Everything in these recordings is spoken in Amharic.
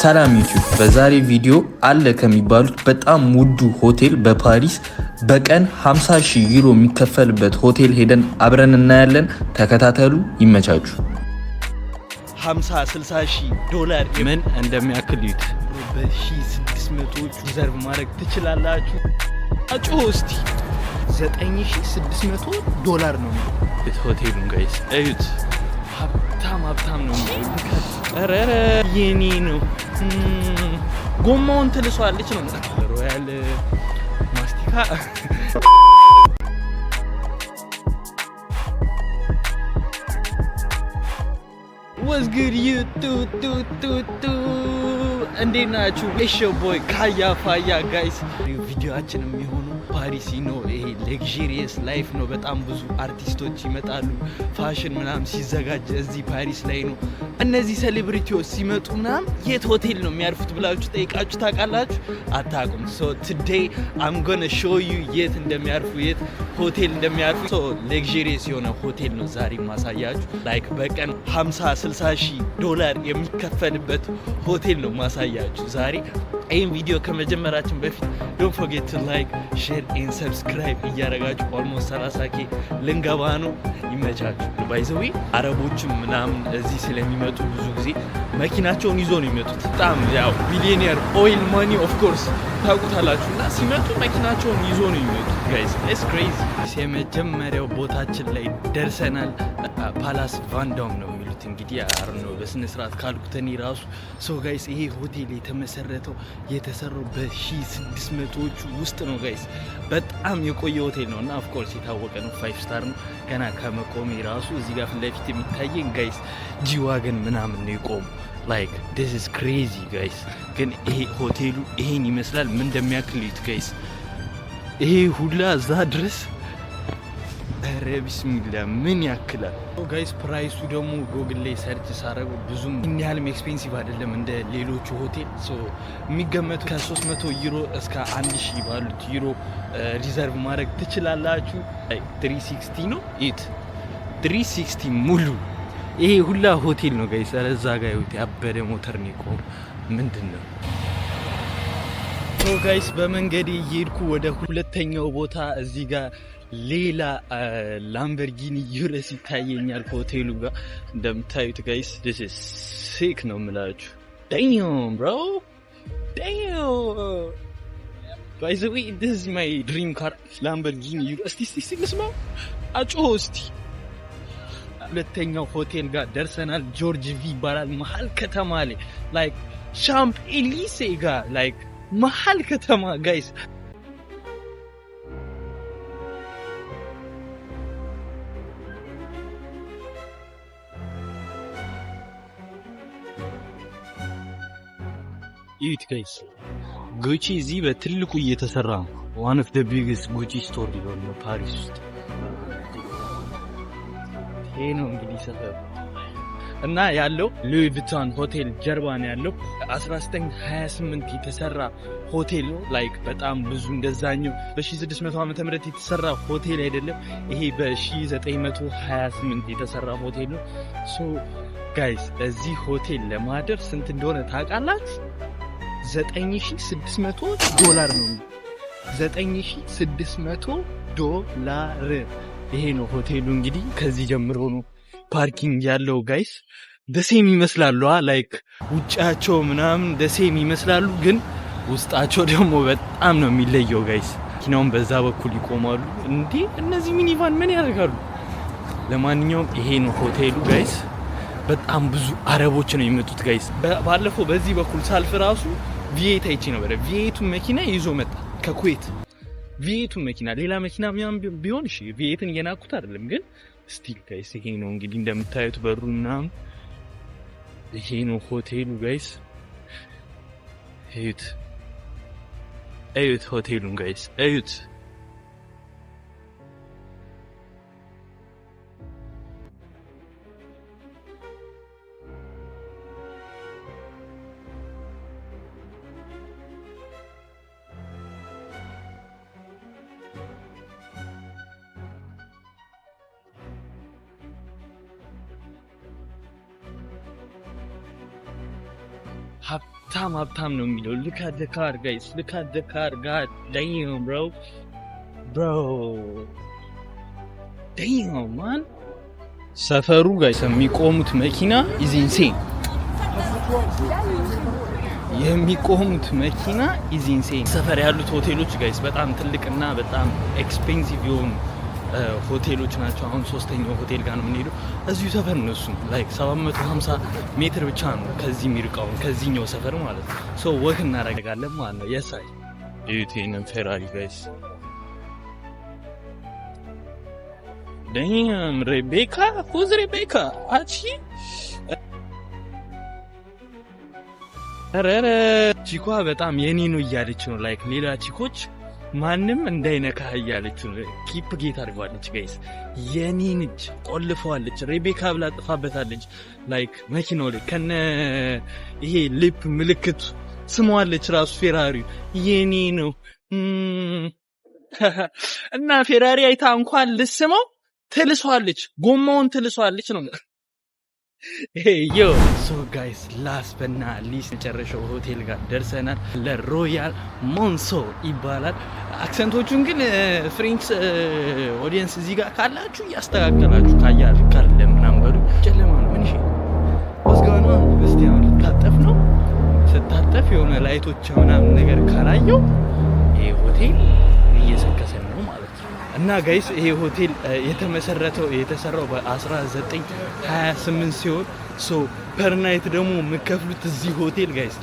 ሰላም ዩቲዩብ፣ በዛሬ ቪዲዮ አለ ከሚባሉት በጣም ውዱ ሆቴል በፓሪስ በቀን 50 ሺህ ዩሮ የሚከፈልበት ሆቴል ሄደን አብረን እናያለን። ተከታተሉ፣ ይመቻቹ። 50 60 ሺህ ዶላር ምን እንደሚያክል ዩት በ1600 ሪዘርቭ ማድረግ ትችላላችሁ። አጩ እስቲ 9600 ዶላር ነው ሆቴሉን ጋይስ እዩት። ሀብታም ሀብታም ነው። ረረ የኔ ነው። ጎማውን ትልሷለች ነው ሮያል ማስቲካ ወዝግድ ዩቱቱቱቱ እንዴት ናችሁ? ሾ ቦይ ካያ ፋያ ጋይስ ቪዲዮችን የሚሆን ፓሪሲ ነው ይሄ ሌግዥሪየስ ላይፍ ነው። በጣም ብዙ አርቲስቶች ይመጣሉ። ፋሽን ምናምን ሲዘጋጅ እዚህ ፓሪስ ላይ ነው። እነዚህ ሴሌብሪቲዎች ሲመጡ ምናምን የት ሆቴል ነው የሚያርፉት ብላችሁ ጠይቃችሁ ታውቃላችሁ? አታውቁም። ሶ ቱዴይ አም ጎነ ሾው ዩ የት እንደሚያርፉ የት ሆቴል እንደሚያርፉ። ሌግዥሪየስ የሆነ ሆቴል ነው ዛሬ ማሳያችሁ። ላይክ በቀን 50 60 ሺህ ዶላር የሚከፈልበት ሆቴል ነው ማሳያችሁ ዛሬ። ይህን ቪዲዮ ከመጀመራችን በፊት ዶን ፎርጌት ቱ ላይክ ሼር ኤን ሰብስክራይብ እያደረጋችሁ ኦልሞስት 30 ኬ ልንገባ ነው። ይመቻችሁ። ባይዘዊ አረቦችም ምናምን እዚህ ስለሚመጡ ብዙ ጊዜ መኪናቸውን ይዞ ነው የሚመጡት። በጣም ያው ቢሊዮኒየር ኦይል ማኒ ኦፍ ኮርስ ታውቁታላችሁ። እና ሲመጡ መኪናቸውን ይዞ ነው የሚመጡት። ጋይስ ኢትስ ክሬዚ። የመጀመሪያው ቦታችን ላይ ደርሰናል። ፓላስ ቫንዶም ነው ማለት እንግዲህ አር ነው በስነ ስርዓት ካልኩት እኔ ራሱ ሰው ጋይስ፣ ይሄ ሆቴል የተመሰረተው የተሰራው በሺህ ስድስት መቶዎቹ ውስጥ ነው ጋይስ። በጣም የቆየ ሆቴል ነው እና ኦፍኮርስ የታወቀ ነው። ፋይቭ ስታር ነው። ገና ከመቆሜ ራሱ እዚህ ጋር ፊት የሚታየን ጋይስ ጂዋገን ምናምን ነው የቆሙ ላይክ ዲስ ኢዝ ክሬዚ ጋይስ። ግን ይሄ ሆቴሉ ይሄን ይመስላል። ምን እንደሚያክል ዩት ጋይስ ይሄ ሁላ እዛ ድረስ ኧረ ቢስሚላ ምን ያክላል ጋይስ። ፕራይሱ ደግሞ ጎግል ላይ ሰርች ሳረጉ ብዙም እን ያህልም ኤክስፔንሲቭ አይደለም እንደ ሌሎቹ ሆቴል። የሚገመቱ ከ300 ዩሮ እስከ 1000 ባሉት ዩሮ ሪዘርቭ ማድረግ ትችላላችሁ። 360 ነው ኢት 360 ሙሉ ይሄ ሁላ ሆቴል ነው ጋይስ። እዛ ጋር ያበደ ሞተር ነው የቆመው። ምንድን ነው ጋይስ፣ በመንገዴ እየሄድኩ ወደ ሁለተኛው ቦታ እዚህ ጋር ሌላ ላምበርጊኒ ዩረስ ይታየኛል ከሆቴሉ ጋር እንደምታዩት ጋይስ ዲስ ኢዝ ሲክ ነው የምላችሁ። ዳም ብሮ ባይ ዘ ዌይ ዲስ ኢዝ ማይ ድሪም ካር ላምበርጊኒ ዩረስ። እስቲ ስማ አጮሆ እስቲ። ሁለተኛው ሆቴል ጋር ደርሰናል። ጆርጅ ቪ ይባላል። መሀል ከተማ ላይ ላይክ ሻምፕ ኤሊሴ ጋር ላይክ መሀል ከተማ ጋይስ እዩት ጋይስ፣ ጉቺ እዚህ በትልቁ እየተሰራ ነው። ዋን ኦፍ ዘ ቢግስ ጉቺ ስቶር ሊሆን ነው ፓሪስ ውስጥ። ይሄ ነው እንግዲህ ሰፈሩ እና ያለው ሉዊ ቪቶን ሆቴል ጀርባ ነው ያለው። 1928 የተሰራ ሆቴል ነው። ላይክ በጣም ብዙ እንደዛኛው በ1600 ዓ ም የተሰራ ሆቴል አይደለም። ይሄ በ1928 የተሰራ ሆቴል ነው። ሶ ጋይስ በዚህ ሆቴል ለማደር ስንት እንደሆነ ታውቃላችሁ? 9600 ዶላር ነው። 9600 ዶላር ይሄ ነው ሆቴሉ። እንግዲህ ከዚህ ጀምሮ ነው ፓርኪንግ ያለው። ጋይስ ደሴም ይመስላሉ፣ ላይክ ውጫቸው ምናምን ደሴም ይመስላሉ፣ ግን ውስጣቸው ደግሞ በጣም ነው የሚለየው ጋይስ። መኪናውን በዛ በኩል ይቆማሉ። እንዴ እነዚህ ሚኒቫን ምን ያደርጋሉ? ለማንኛውም ይሄ ነው ሆቴሉ ጋይስ። በጣም ብዙ አረቦች ነው የሚመጡት ጋይስ። ባለፈው በዚህ በኩል ሳልፍ ራሱ ቪኤት ነበረ። ቪኤቱን መኪና ይዞ መጣ ከኩዌት ቪኤቱን መኪና ሌላ መኪና ምናምን ቢሆን እሺ፣ ቪኤትን እየናኩት አይደለም፣ ግን ስቲል ጋይስ ይሄ ነው እንግዲህ እንደምታዩት በሩ ምናምን ይሄ ነው ሆቴሉ ጋይስ፣ እዩት እዩት ሆቴሉን ጋይስ እዩት። ሀብታም ሀብታም ነው የሚለው ልካ ደካር ጋይስ ልካ ደካር ጋር ዳም ብሮ ብሮ ዳም ማን ሰፈሩ ጋይስ የሚቆሙት መኪና ኢዝ ኢንሴን የሚቆሙት መኪና ኢዝ ኢንሴን ሰፈር ያሉት ሆቴሎች ጋይስ በጣም ትልቅና በጣም ኤክስፔንሲቭ የሆኑ ሆቴሎች ናቸው። አሁን ሶስተኛው ሆቴል ጋር ነው የምንሄደው። እዚሁ ሰፈር እነሱ ላይክ 750 ሜትር ብቻ ነው ከዚህ የሚርቃውን ከዚህኛው ሰፈር ማለት ነው። ሶ ወክ እናደርጋለን ማለት ነው። የሳይ ዩቴንን ፌራሪ ጋይስ ደም ሬቤካ ሁዝ ሬቤካ አቺ ረረ ቺኳ በጣም የኔ ነው እያለች ነው ላይክ ሌላ ቺኮች ማንም እንዳይነካ እያለች ኪፕ ጌት አድርገዋለች። ጋይስ የኔን እጅ ቆልፈዋለች። ሬቤካ ብላ ጥፋበታለች። ላይክ መኪናው ላይ ከነ ይሄ ሊፕ ምልክቱ ስሟለች ራሱ ፌራሪ የኔ ነው እና ፌራሪ አይታ እንኳን ልስመው ትልሷለች፣ ጎማውን ትልሷለች ነው ዮ ሶ ጋይስ ላስት በና ሊስት መጨረሻው ሆቴል ጋር ደርሰናል። ለሮያል ሞንሶ ይባላል። አክሰንቶቹን ግን ፍሬንክስ ኦዲየንስ እዚህ ጋር ካላችሁ እያስተካከላችሁ ካያል ካል ለምናም በሉ ጨለማ ነው። ምን ሽ ወስጋኗ በስቲያን ልታጠፍ ነው። ስታጠፍ የሆነ ላይቶች ምናምን ነገር ካላየው ይሄ ሆቴል እየሰከሰ ነው። እና ጋይስ ይሄ ሆቴል የተመሰረተው የተሰራው በ1928 ሲሆን ሶ ፐርናይት ደግሞ የምከፍሉት እዚህ ሆቴል ጋይስ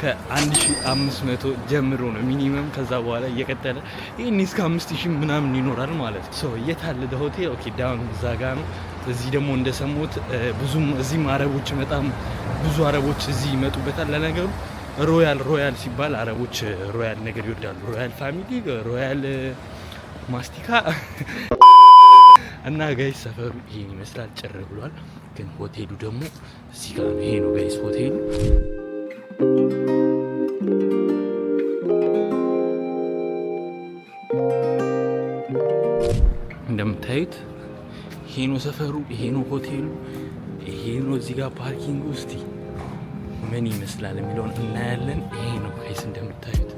ከ1500 ጀምሮ ነው ሚኒመም። ከዛ በኋላ እየቀጠለ ይህን እስከ 5000 ምናምን ይኖራል ማለት ነው። የታለደ ሆቴል ኦኬ፣ ዳውን እዛ ጋ ነው። እዚህ ደግሞ እንደሰሙት ብዙም እዚህም አረቦች በጣም ብዙ አረቦች እዚህ ይመጡበታል። ለነገሩ ሮያል ሮያል ሲባል አረቦች ሮያል ነገር ይወዳሉ። ሮያል ፋሚሊ ሮያል ማስቲካ እና ጋይስ ሰፈሩ ይሄን ይመስላል። ጭር ብሏል። ግን ሆቴሉ ደግሞ እዚህ ጋር ነው። ይሄ ነው ጋይስ ሆቴሉ። እንደምታዩት ይሄ ነው ሰፈሩ፣ ይሄ ነው ሆቴሉ፣ ይሄ ነው እዚህ ጋር ፓርኪንግ ውስጥ ምን ይመስላል የሚለውን እናያለን። ይሄ ነው ጋይስ እንደምታዩት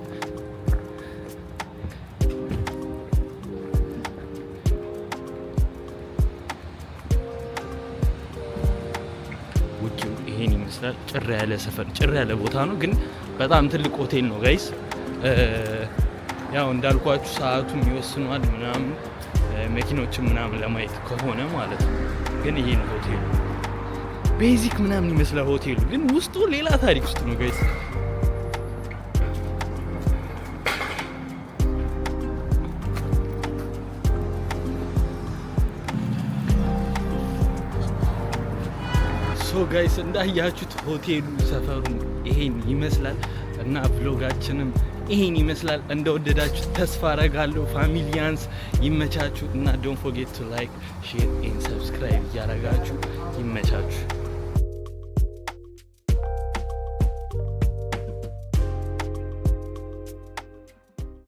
ይመስላል። ጭር ያለ ሰፈር ጭር ያለ ቦታ ነው፣ ግን በጣም ትልቅ ሆቴል ነው ጋይስ። ያው እንዳልኳችሁ ሰዓቱም ይወስኗል ምናምን መኪኖችን ምናምን ለማየት ከሆነ ማለት ነው። ግን ይሄ ነው ሆቴሉ። ቤዚክ ምናምን ይመስላል ሆቴሉ፣ ግን ውስጡ ሌላ ታሪክ ውስጥ ነው ጋይስ። ሶ ጋይስ እንዳያችሁት ሆቴሉ ሰፈሩ ይሄን ይመስላል እና ብሎጋችንም ይሄን ይመስላል። እንደወደዳችሁት ተስፋ አረጋለሁ። ፋሚሊያንስ ይመቻችሁ እና ዶንት ፎርጌት ቱ ላይክ ሼር ኤንድ ሰብስክራይብ እያረጋችሁ ይመቻችሁ።